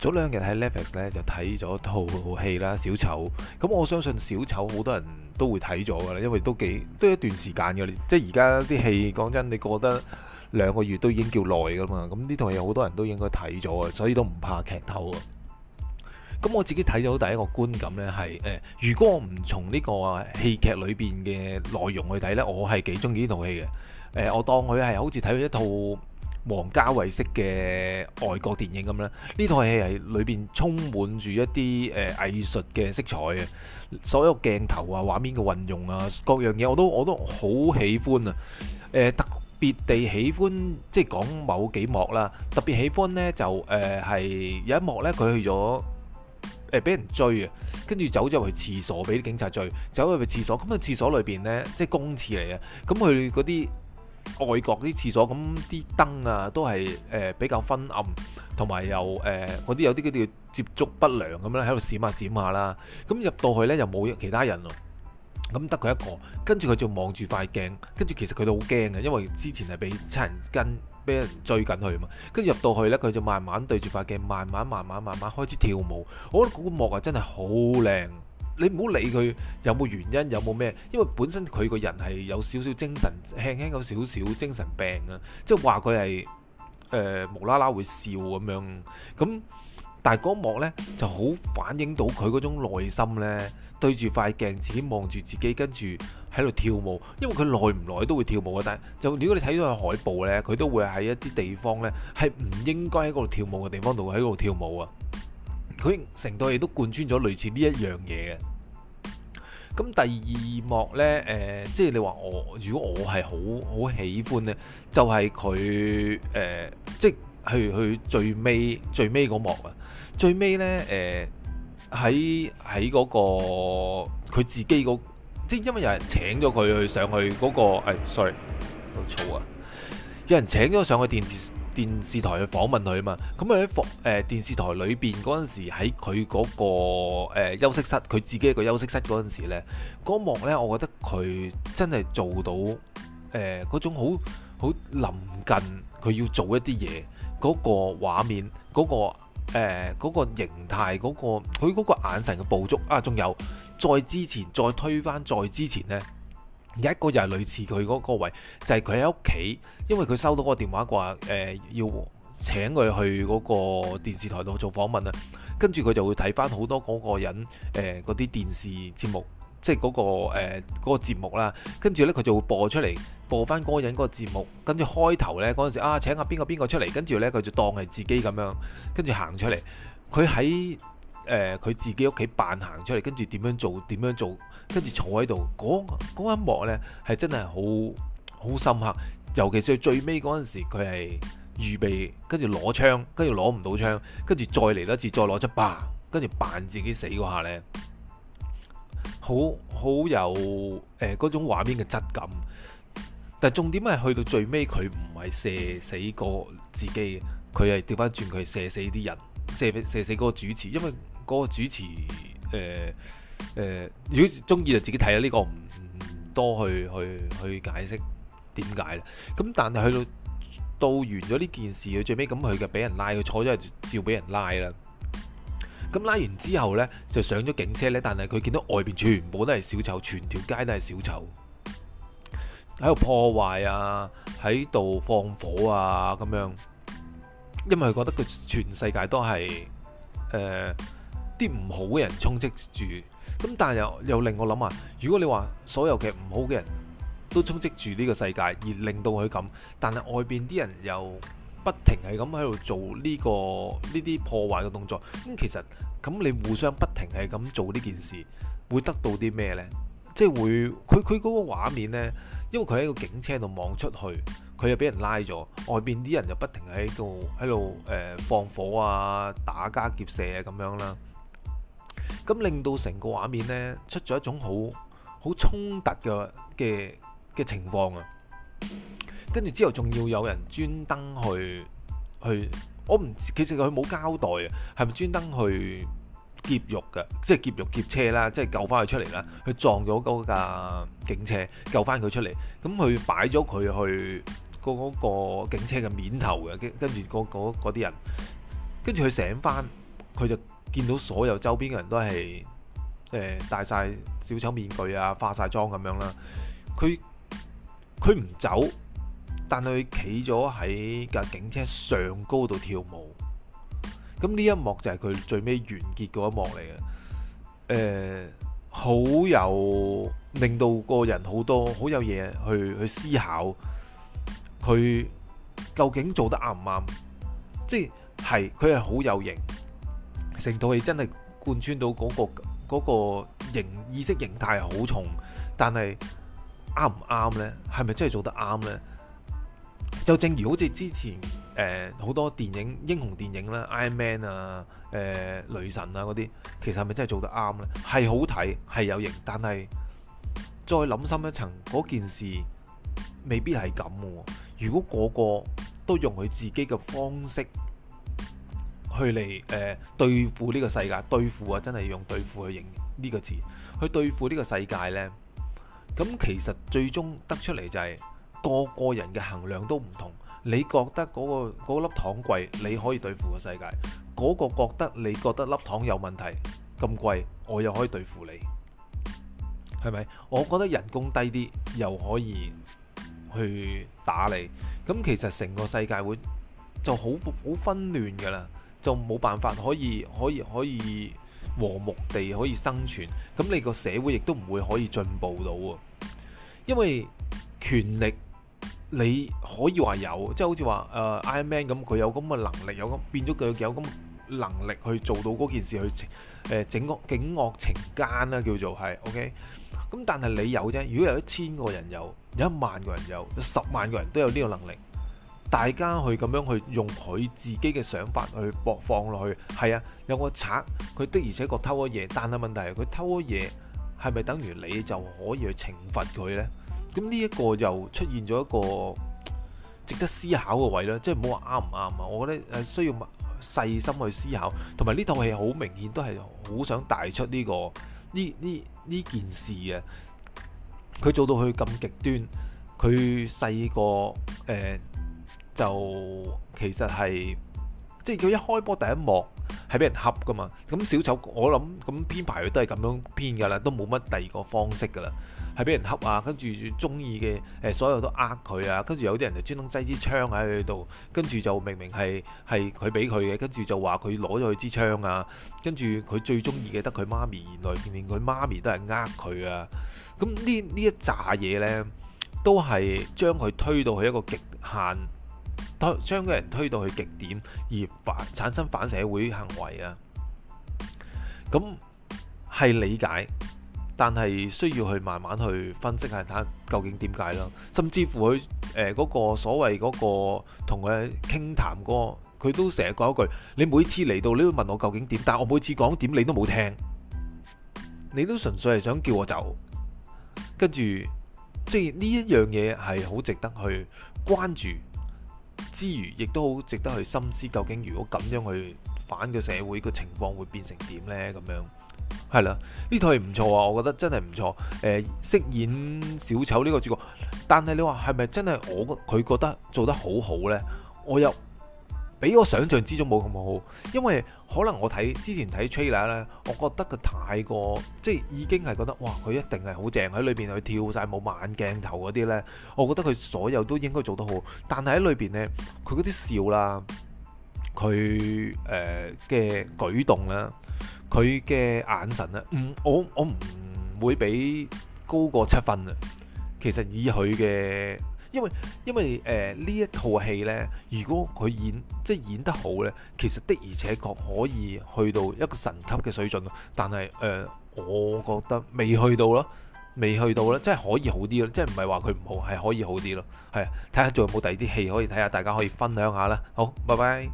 早兩日喺 Netflix 咧就睇咗套戲啦，《小丑》。咁我相信《小丑》好多人都會睇咗噶啦，因為都幾都一段時間嘅，即係而家啲戲講真，你過得兩個月都已經叫耐噶嘛。咁呢套戲好多人都應該睇咗啊，所以都唔怕劇透啊。咁我自己睇咗第一個觀感呢係、呃、如果我唔從呢個戲劇裏面嘅內容去睇呢，我係幾中意呢套戲嘅。我當佢係好似睇咗一套王家衞式嘅外國電影咁啦，呢套戲係裏邊充滿住一啲誒藝術嘅色彩啊！所有鏡頭啊、畫面嘅運用啊、各樣嘢我都我都好喜歡啊！誒特別地喜歡即係講某幾幕啦，特別喜歡咧就誒係有一幕咧佢去咗誒俾人追啊，跟住走咗去廁所俾啲警察追，走咗去廁所咁啊！廁所裏邊咧即係公廁嚟啊，咁佢嗰啲。外國啲廁所咁啲燈啊，都係、呃、比較昏暗，同埋又嗰啲有啲叫啲接觸不良咁樣，喺度閃下閃下啦。咁入到去呢，又冇其他人，咁得佢一個。跟住佢就望住塊鏡，跟住其實佢都好驚嘅，因為之前係俾人跟，俾人追緊佢嘛。跟住入到去呢，佢就慢慢對住塊鏡，慢慢慢慢慢慢開始跳舞。我覺得嗰個幕啊真係好靚。你唔好理佢有冇原因，有冇咩？因為本身佢個人係有少少精神，輕輕有少少精神病啊！即係話佢係誒無啦啦會笑咁樣。咁但係嗰一幕呢就好反映到佢嗰種內心呢，對住塊鏡子，自己望住自己，跟住喺度跳舞。因為佢耐唔耐都會跳舞嘅，但係就如果你睇到佢海報呢，佢都會喺一啲地方呢，係唔應該喺嗰度跳舞嘅地方度喺嗰度跳舞啊。佢成套嘢都貫穿咗類似呢一樣嘢嘅。咁第二幕呢，誒、呃，即係你話我，如果我係好好喜歡呢，就係佢誒，即係去去最尾最尾嗰幕啊。最尾呢，誒、呃，喺喺嗰個佢自己個，即係因為有人請咗佢去上去嗰、嗰個、哎、sorry 好嘈啊，有人請咗上去電視。電視台去訪問佢啊嘛，咁啊喺誒電視台裏邊嗰陣時喺佢嗰個休息室，佢自己一個休息室嗰陣時咧，嗰幕呢，我覺得佢真係做到誒嗰、呃、種好好臨近，佢要做一啲嘢嗰個畫面，嗰、嗰個誒、呃嗰個、形態，嗰、嗰個佢嗰個眼神嘅捕捉啊，仲有再之前，再推翻，再之前呢。有一個就係類似佢嗰個位，就係佢喺屋企，因為佢收到嗰個電話話，呃，要請佢去嗰個電視台度做訪問啊。跟住佢就會睇翻好多嗰個人，誒嗰啲電視節目，即係嗰個誒嗰個節目啦。跟住呢，佢就會播出嚟，播翻嗰個人嗰個節目。跟住開頭呢，嗰陣時啊，請下邊個邊個出嚟，跟住呢，佢就當係自己咁樣，跟住行出嚟，佢喺。誒，佢、呃、自己屋企扮行出嚟，跟住點樣做？點樣做？跟住坐喺度，嗰一幕呢係真係好好深刻。尤其是佢最尾嗰陣時，佢係預備跟住攞槍，跟住攞唔到槍，跟住再嚟多次再攞出 bang，跟住扮自己死嘅話咧，好好有誒嗰、呃、種畫面嘅質感。但重點係去到最尾，佢唔係射死過自己，佢係調翻轉，佢射死啲人，射射死個主持，因為。嗰個主持誒誒、呃呃，如果中意就自己睇下呢個，唔多去去去解釋點解啦。咁但係去到到完咗呢件事，佢最尾咁佢就俾人拉，佢坐咗照俾人拉啦。咁拉完之後呢，就上咗警車呢，但係佢見到外邊全部都係小丑，全條街都係小丑，喺度破壞啊，喺度放火啊咁樣。因為佢覺得佢全世界都係誒。呃啲唔好嘅人充斥住，咁但又，又令我諗啊！如果你話所有嘅唔好嘅人都充斥住呢個世界，而令到佢咁，但係外邊啲人又不停係咁喺度做呢個呢啲破壞嘅動作，咁其實咁你互相不停係咁做呢件事，會得到啲咩呢？即係會佢佢嗰個畫面呢，因為佢喺個警車度望出去，佢又俾人拉咗，外邊啲人又不停喺度喺度誒放火啊、打家劫舍啊咁樣啦。咁令到成個畫面呢，出咗一種好好衝突嘅嘅嘅情況啊！跟住之後仲要有人專登去去，我唔其實佢冇交代啊，係咪專登去劫獄㗎？即係劫獄劫車啦，即係救翻佢出嚟啦，佢撞咗嗰架警車，救翻佢出嚟。咁佢擺咗佢去嗰個警車嘅面頭嘅，跟跟住嗰嗰嗰啲人，跟住佢醒翻。佢就見到所有周邊嘅人都係誒、呃、戴晒小丑面具啊，化晒妝咁樣啦。佢佢唔走，但係佢企咗喺架警車上高度跳舞。咁呢一幕就係佢最尾完結嗰一幕嚟嘅。好、呃、有令到個人好多好有嘢去去思考。佢究竟做得啱唔啱？即係，係佢係好有型。成套戲真係貫穿到嗰個嗰個形意識形態好重，但係啱唔啱呢？係咪真係做得啱呢？就正如好似之前誒好多電影英雄電影啦，Iron Man 啊，誒雷神啊嗰啲，其實係咪真係做得啱呢？係好睇係有型，但係再諗深一層，嗰件事未必係咁喎。如果個個都用佢自己嘅方式，去嚟誒、呃、對付呢個世界，對付啊真係用對付去形容呢、這個字，去對付呢個世界呢，咁其實最終得出嚟就係、是、個個人嘅衡量都唔同。你覺得嗰、那個粒、那個、糖貴，你可以對付個世界；嗰、那個覺得你覺得粒糖有問題咁貴，我又可以對付你，係咪？我覺得人工低啲又可以去打你。咁其實成個世界會就好好紛亂噶啦。就冇辦法可以可以可以和睦地可以生存，咁你個社會亦都唔會可以進步到啊，因為權力你可以話有，即好似話、呃、Iron Man 咁，佢有咁嘅能力，有咁變咗佢有咁能力去做到嗰件事去整個、呃、警惡懲奸啦叫做係 OK，咁但係你有啫，如果有一千個人有，有一萬個人有，有十萬個，個人都有呢個能力。大家去咁樣去用佢自己嘅想法去播放落去，係啊，有個賊，佢的而且確偷咗嘢，但係問題係佢偷咗嘢係咪等於你就可以去懲罰佢呢？咁呢一個就出現咗一個值得思考嘅位啦，即係唔好話啱唔啱啊！我覺得誒需要細心去思考，同埋呢套戲好明顯都係好想帶出呢個呢呢呢件事嘅，佢做到佢咁極端，佢細個誒。呃就其實係即係佢一開波第一幕係俾人恰噶嘛。咁小丑我諗咁編排佢都係咁樣編噶啦，都冇乜第二個方式噶啦。係俾人恰啊，跟住中意嘅誒，所有都呃佢啊。跟住有啲人就專登擠支槍喺佢度，跟住就明明係係佢俾佢嘅，跟住就話佢攞咗佢支槍啊。跟住佢最中意嘅得佢媽咪，原來明明佢媽咪都係呃佢啊。咁呢呢一紮嘢呢，都係將佢推到去一個極限。將個人推到去極點，而反產生反社會行為啊！咁係理解，但係需要去慢慢去分析下睇究竟點解啦。甚至乎佢誒嗰個所謂嗰個同佢傾談個，佢都成日講一句：你每次嚟到你會問我究竟點，但係我每次講點你都冇聽，你都純粹係想叫我走。跟住即係呢一樣嘢係好值得去關注。之餘，亦都好值得去深思，究竟如果咁樣去反嘅社會嘅情況會變成點呢？咁樣係啦，呢套戲唔錯啊，我覺得真係唔錯。誒、呃，飾演小丑呢個主角，但係你話係咪真係我佢覺得做得好好呢，我又。比我想象之中冇咁好，因為可能我睇之前睇 trailer 咧，我覺得佢太過即係已經係覺得哇，佢一定係好正，喺裏邊佢跳晒冇慢鏡頭嗰啲呢。我覺得佢所有都應該做得好。但係喺裏邊呢，佢嗰啲笑啦，佢誒嘅舉動啦，佢嘅眼神咧，嗯，我我唔會俾高過七分啊。其實以佢嘅，因為因為呢、呃、一套戲呢，如果佢演即係演得好呢，其實的而且確可以去到一個神級嘅水準。但係、呃、我覺得未去到咯，未去到咯，即係可以好啲咯，即係唔係話佢唔好，係可以好啲咯。係啊，睇下仲有冇第二啲戲可以睇下，大家可以分享下啦。好，拜拜。